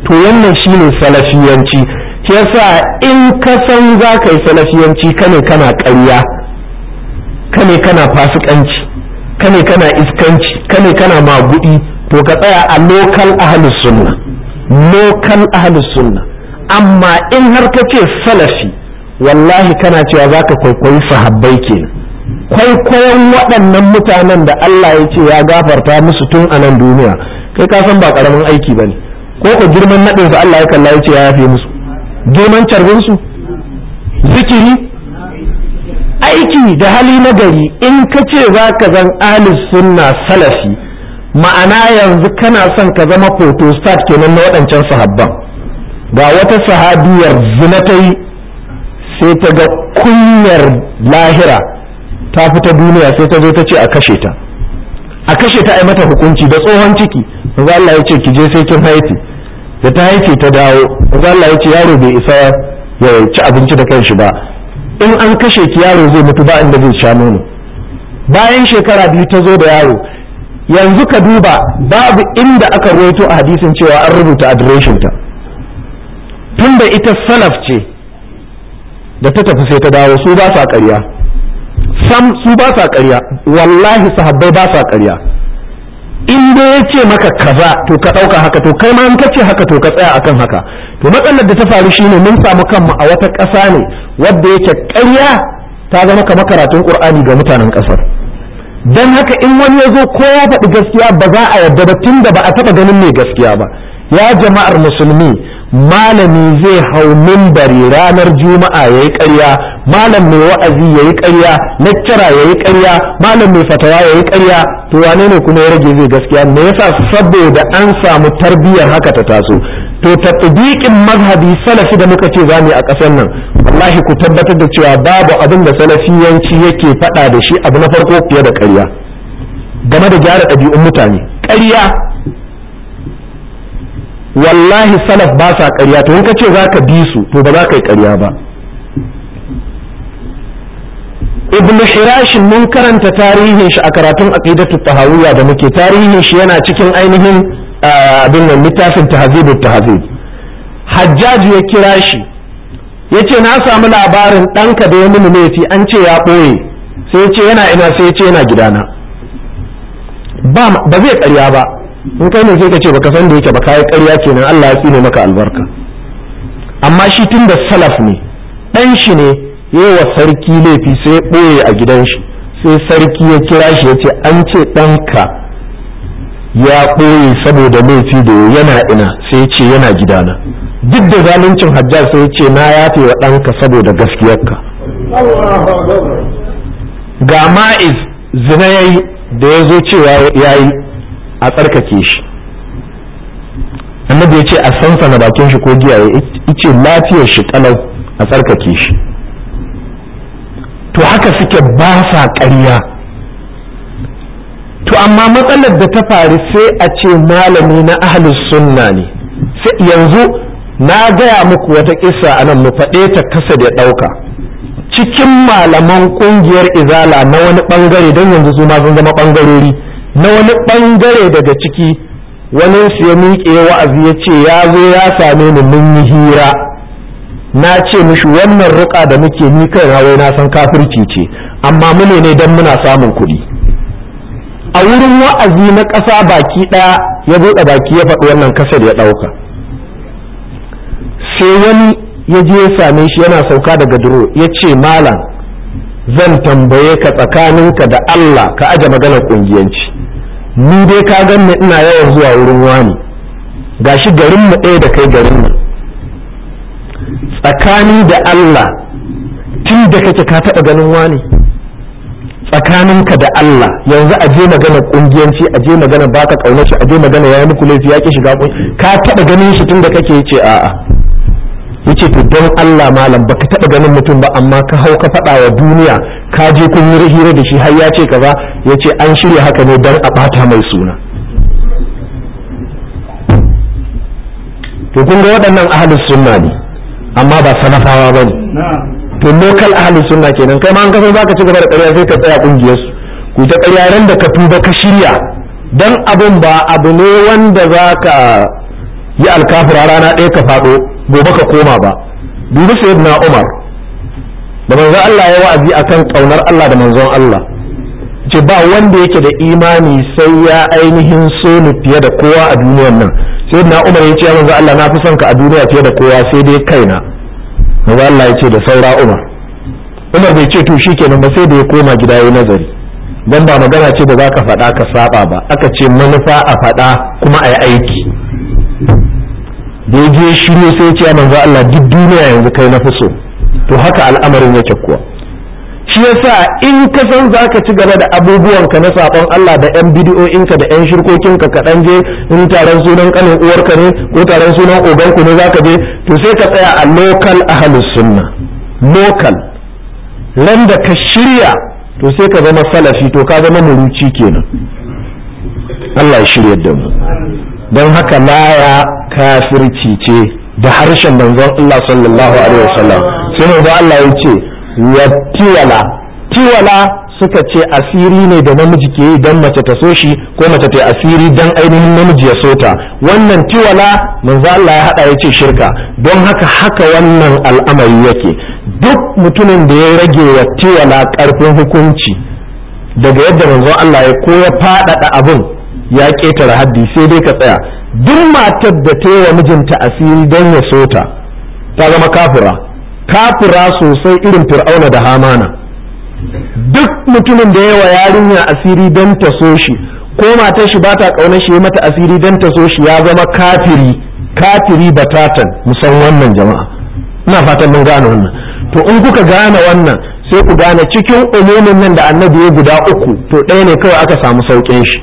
Speaker 1: to wannan ne salafiyanci yasa in ka san za ka yi salafiyanci kane kana ƙarya kane kana fasikanci kane kana iskanci kane kana magudi to ka tsaya a lokal ahalus sunna lokal ahalus sunna amma in har ka ce salafi wallahi kana cewa za ka kwaikwayi sahabbai ke? kwaikwayon waɗannan mutanen da Allah ya ce ya gafarta musu tun a nan duniya kai ka san ba ƙaramin aiki ba ne. ko ka girman naɗin su Allah ya kalla ya ce ya yafe musu girman carbinsu? zikiri aiki da hali na gari in ka ce za ka zan alis sunna salafi ma'ana yanzu kana son ka zama protostat kenan na waɗancan sahabban ga wata sahabiyar zina sai ta ga kunyar lahira ta fita duniya sai ta zo ta ce a kashe ta a kashe ta ai mata hukunci da tsohon ciki maza Allah ya ce ki je sai kin haifi da ta haifi ta dawo maza Allah ya ce yaro bai isa ya ci abinci da kanshi ba in an kashe ki yaro zai mutu ba inda zai sha nono bayan shekara biyu ta zo da yaro yanzu ka duba babu inda aka rawaito a hadisin cewa an rubuta adireshin ta tunda ita salaf ce da ta tafi sai ta dawo su ba sa ƙarya sam su ba sa ƙarya wallahi sahabbai ba sa ƙarya in dai ya ce maka kaza to ka ɗauka haka to kai ma in ka ce haka to ka tsaya akan haka to matsalar da ta faru shine mun samu kanmu a wata ƙasa ne wadda yake ƙarya ta zama kamar karatun ƙur'ani ga mutanen ƙasar dan haka in wani ya zo ko ya faɗi gaskiya ba za a yarda ba tunda ba a taɓa ganin mai gaskiya ba ya jama'ar musulmi malami zai hau mimbari ranar juma'a ya yi karya malam mai wa'azi ya yi ƙarya lecturer ya yi karya malam mai fatawa ya yi karya to wane ne kuma ya rage zai gaskiya me yasa saboda an samu tarbiyyar haka ta taso to tatbiqin mazhabi salafi da muka ce zamu a ƙasar nan wallahi ku tabbatar da cewa babu abin da salafiyanci yake faɗa da shi abu na farko fiye da karya game da gyara ɗabi'un mutane ƙarya wallahi salaf ba sa ƙarya to in ka ce za ka bi su to ba za ka yi ƙarya ba ibn hirashin mun karanta tarihin shi a karatun aqidatu tahawiyya da muke tarihin shi yana cikin ainihin abin nan littafin tahzibu tahzib hajjaj ya kira shi yace na samu labarin ɗanka da ya mini laifi an ce ya ɓoye sai ce yana ina sai ce yana gidana ba zai ƙarya ba in kai ne sai ka ce baka san da yake ba kai ƙarya kenan Allah ya tsine maka albarka amma shi tun da salaf ne dan shi ne yayi wa sarki laifi sai boye a gidan shi sai sarki ya kira shi ya ce an ce ɗanka ya ɓoye saboda laifi da yana ina sai ya ce yana gidana duk da zaluncin hajjar sai ya ce na yafe wa ɗanka saboda gaskiyarka ga ma'iz zina da ya zo cewa ya yi a tsarkake shi annabi ya ce a sansana bakin shi ko giya ya ce lafiyar shi kalau a tsarkake shi to haka suke ba sa ƙarya to amma matsalar da ta faru sai a ce malami na ahalus sunna ne sai yanzu na gaya muku wata kisa a nan mu faɗe ta kasa da ɗauka cikin malaman ƙungiyar izala na wani ɓangare don yanzu su ma sun zama ɓangarori na wani ɓangare daga ciki wani su ya miƙe wa'azi ya ce ya zo ya same ni mun yi hira na ce mishi wannan ruka da muke ni kai rawai na san kafirci ce amma mune ne don muna samun kuɗi a wurin wa'azi na ƙasa baki ɗaya ya buɗe baki ya faɗi wannan kasar ya ɗauka sai wani ya je ya same shi yana sauka daga duro ya ce malam zan tambaye ka tsakaninka da Allah ka aje maganar ƙungiyanci ni dai ka ganni ina yawan zuwa wurin wani gashi garin mu ɗaya da kai garin mu tsakani da Allah tun da kake ka taɓa ganin wani Tsakanin ka da Allah yanzu a je magana kungiyanci a je magana baka kaunar shi a je magana ya muku laifi ya ki shiga ka taɓa ganin shi tun da kake ce a'a yace to don Allah malam baka taɓa ganin mutum ba amma ka hau ka faɗa wa duniya ka je kun yi hira da shi har ya ce kaza yace an shirya haka ne don a ɓata mai suna to kun ga waɗannan ahlus sunna ne amma ba salafawa ba ne to local ahalin sunna kenan kai ma an kasan zaka ci gaba da ƙarya sai ka tsaya kungiyar su ku ta ƙaryaren da ka tuba ka shirya dan abun ba abu ne wanda zaka yi alkafura rana ɗaya ka faɗo gobe ka koma ba dubi sayyidina umar da manzon Allah ya wa'azi akan kaunar Allah da manzon Allah ce ba wanda yake da imani sai ya ainihin so ni fiye da kowa a duniyar nan sai na umar ya ce ya manzon Allah na fi son ka a duniya fiye da kowa sai dai kaina manzon Allah ya ce da saura umar umar bai ce to shikenan ba sai da ya koma gida ya nazari dan ba magana ce da zaka ka faɗa ka saba ba aka ce manufa a faɗa kuma a yi aiki da ya je shiru sai ce manzo Allah duk duniya yanzu kai na so to haka al'amarin yake kuwa shi yasa in ka san zaka ci gaba da abubuwan ka na sabon Allah da yan bidiyoyin ka da yan shirkokin ka ka dan je in taron sunan kanin uwar ka ne ko taron sunan ogan ku ne ka je to sai ka tsaya a local ahlus sunna local ran da ka shirya to sai ka zama salafi to ka zama muruci kenan Allah ya shirya da mu don haka laya kafirci ce da harshen manzon Allah sallallahu alaihi wasallam sai manzon Allah ya ce wa tiwala tiwala suka ce asiri ne da namiji ke yi don mace ta so shi ko mace ta asiri dan ainihin namiji ya so ta wannan tiwala manzo Allah ya hada ya ce shirka don haka haka wannan al'amari yake duk mutumin da ya rage wa tiwala karfin hukunci daga yadda manzo Allah ya ko ya faɗaɗa abin ya ketare haddi sai dai ka tsaya duk matar da ta yi wa mijinta asiri don ya sota ta zama kafira kafira sosai irin fir'auna da hamana duk mutumin da yawa yarinya asiri don ta so shi ko matar shi ba ta kaunar shi mata asiri don ta so shi ya zama kafiri kafiri batatan musan wannan jama'a ina fatan mun gane wannan to in kuka gane wannan sai ku gane cikin umumin nan da annabi ya guda uku to ɗaya ne kawai aka samu sauƙin shi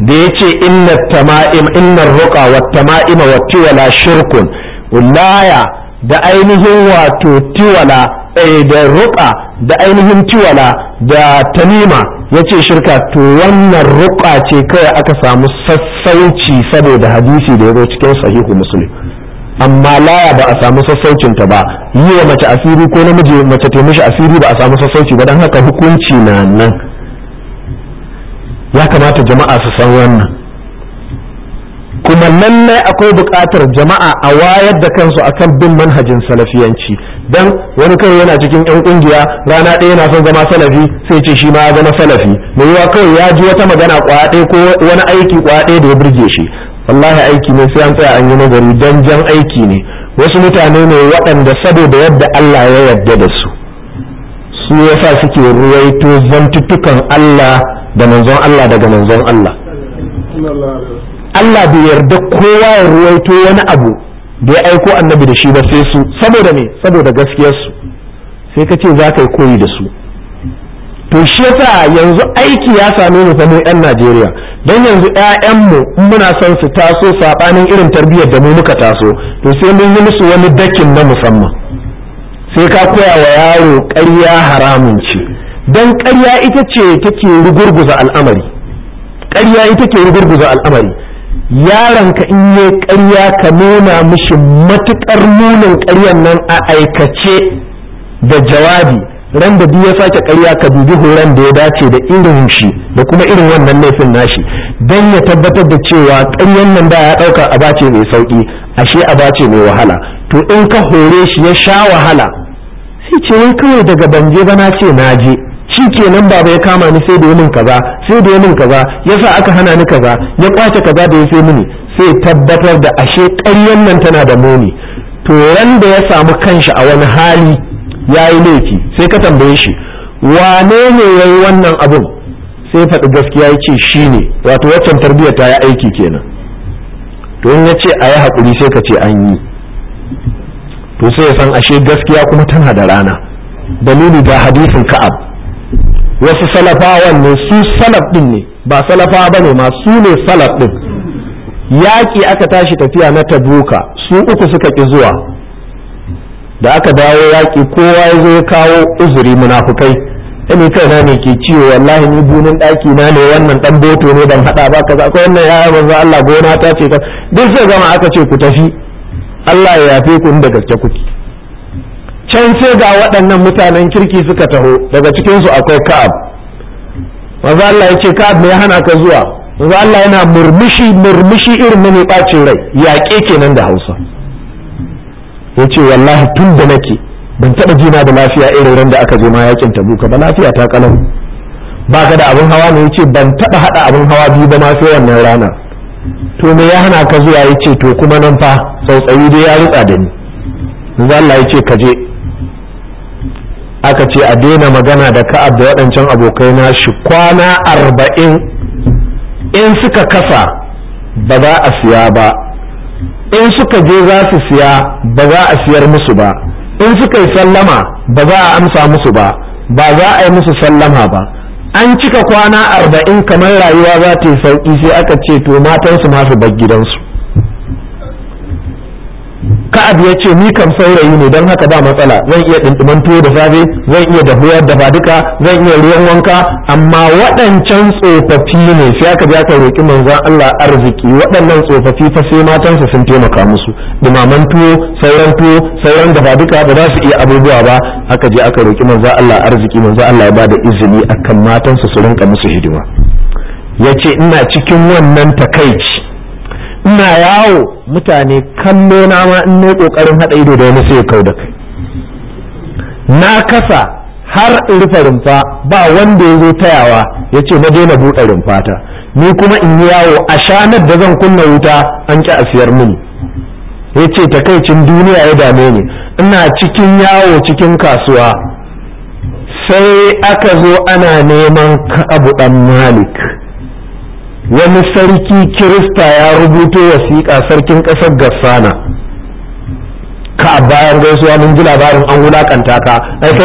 Speaker 1: da ya ce inna tama'im inna ruqa wa tama'ima wa tiwala shirkun laya da ainihin wato tiwala eh, da ruƙa da ainihin tiwala da tanima ce shirka to wannan ruqa ce kawai aka samu sassauci saboda hadisi da ya zo cikin sahihu musulun amma laya ba a samu sassaucin ta ba yi wa mace asiri ko namiji mace ta asiri ba a samu sassauci ba don haka hukunci na nan ya kamata jama'a su san wannan kuma lallai akwai buƙatar jama'a a wayar da kansu akan bin manhajin salafiyanci dan wani kai yana cikin yan kungiya rana ɗaya yana son zama salafi sai ce shi ma ya zama salafi mai yiwa kawai ya ji wata magana kwaɗe ko wani aiki kwaɗe da ya burge shi wallahi aiki ne sai an tsaya an yi nagari. dan jan aiki ne wasu mutane ne waɗanda saboda yadda Allah ya yarda da su su yasa suke ruwaito zantutukan Allah da manzon Allah daga manzon Allah Allah bai yarda kowa ya ruwaito wani abu da ya aiko annabi da shi ba sai su saboda me saboda gaskiyar su sai ka ce za ka yi koyi da su to shi yasa yanzu aiki ya same mu ta mu yan Najeriya dan yanzu ƴaƴanmu in muna son su taso sabanin irin tarbiyyar da mu muka taso to sai mun yi musu wani dakin na musamman sai ka koya wa yaro ƙarya haramun ce don ƙarya ita ce take rugurguza al'amari ƙarya ita ke rugurguza al'amari yaronka in yi ƙarya ka nuna mishi matuƙar nunin ƙaryar nan a aikace da jawabi ran da ya sake ƙarya ka dubi horon da ya dace da irin shi da kuma irin wannan laifin nashi don ya tabbatar da cewa ƙaryar nan da ya ɗauka a bace mai sauƙi ashe a bace mai wahala to in ka hore shi ya sha wahala sai ce wai kawai daga banje ba na ce na je shi nan baba ya kama ni sai da ya min kaza sai da ya min kaza sa aka hana ni kaza ya kwace kaza da ya sai mini sai tabbatar da ashe ƙaryan nan tana da muni to da ya samu kanshi a wani hali ya yi laifi sai ka tambaye shi wane ne ya yi wannan abun sai faɗi gaskiya ya ce shi ne wato waccan tarbiyya ta yi aiki kenan to in ya ce a yi haƙuri sai ka ce an yi to sai ya san ashe gaskiya kuma tana da rana dalili da hadisin ka'ab wasu salafawan ne su salaf din ne ba salafa ba ne ma su ne salaf din yaƙi aka tashi tafiya na tabuka su uku suka ƙi zuwa da aka dawo yaƙi kowa ya zo ya kawo uzuri munafukai kai kaina ne ke ciwo wallahi ni bunin ɗaki na ne wannan ɗan boto ne ban haɗa ba kaza akwai wannan ya manzo Allah gona ta ce ka. duk sai gama aka ce ku tafi Allah ya yafe ku inda gaske kuke can sai ga waɗannan mutanen kirki suka taho daga cikinsu akwai ka'ab manzo Allah ya ce ka'ab me hana ka zuwa manzo Allah yana murmushi murmushi irin na ɓacin rai yaƙe kenan da Hausa ya ce wallahi tun da nake ban taɓa jina da lafiya irin ran aka je ma yaƙin tabuka ba lafiya ta kalau ba ka da abin hawa ne ya ce ban taɓa haɗa abin hawa biyu ba ma sai wannan rana to me ya hana ka zuwa ya ce to kuma nan fa tsautsayi dai ya rutsa da ni manzo Allah ya ce ka je aka ce a daina magana da ka'ab da waɗancan abokai na shi kwana arba'in in suka kasa ba za a siya ba in suka je za su siya ba za a siyar musu ba in suka yi sallama ba za a amsa musu ba ba za a yi musu sallama ba an cika kwana arba'in kamar rayuwa za ta yi sauƙi sai aka ce to matansu masu bar gidansu ka'ab ya ce ni kam saurayi ne don haka ba matsala zan iya ɗinɗiman tuwo da safe zan iya dahuwar da duka zan iya ruwan wanka amma waɗancan tsofaffi ne sai aka bi aka roƙi manzon Allah arziki waɗannan tsofaffi fa sai matansa sun taimaka musu dumaman tuwo sauran tuwo sauran dafa duka ba za su iya abubuwa ba aka je aka roƙi manzon Allah arziki manzon Allah ya da izini akan matansa su rinka musu hidima yace ina cikin wannan takaici ina yawo mutane kallo na ma in ne kokarin hada ido da wani sai ya da kai na kasa har in rufe rumfa ba wanda ya zo tayawa ya ce na daina buɗe rumfa ta ni kuma in yi yawo a shanar da zan kunna wuta an ki a siyar mini ya ce takaicin duniya ya dame ni ina cikin yawo cikin kasuwa sai aka zo ana neman abu ɗan malik wani sarki kirista ya rubuto wasiƙa sarkin ƙasar gassana ka bayan gaisuwa mun ji labarin an wulaƙanta ka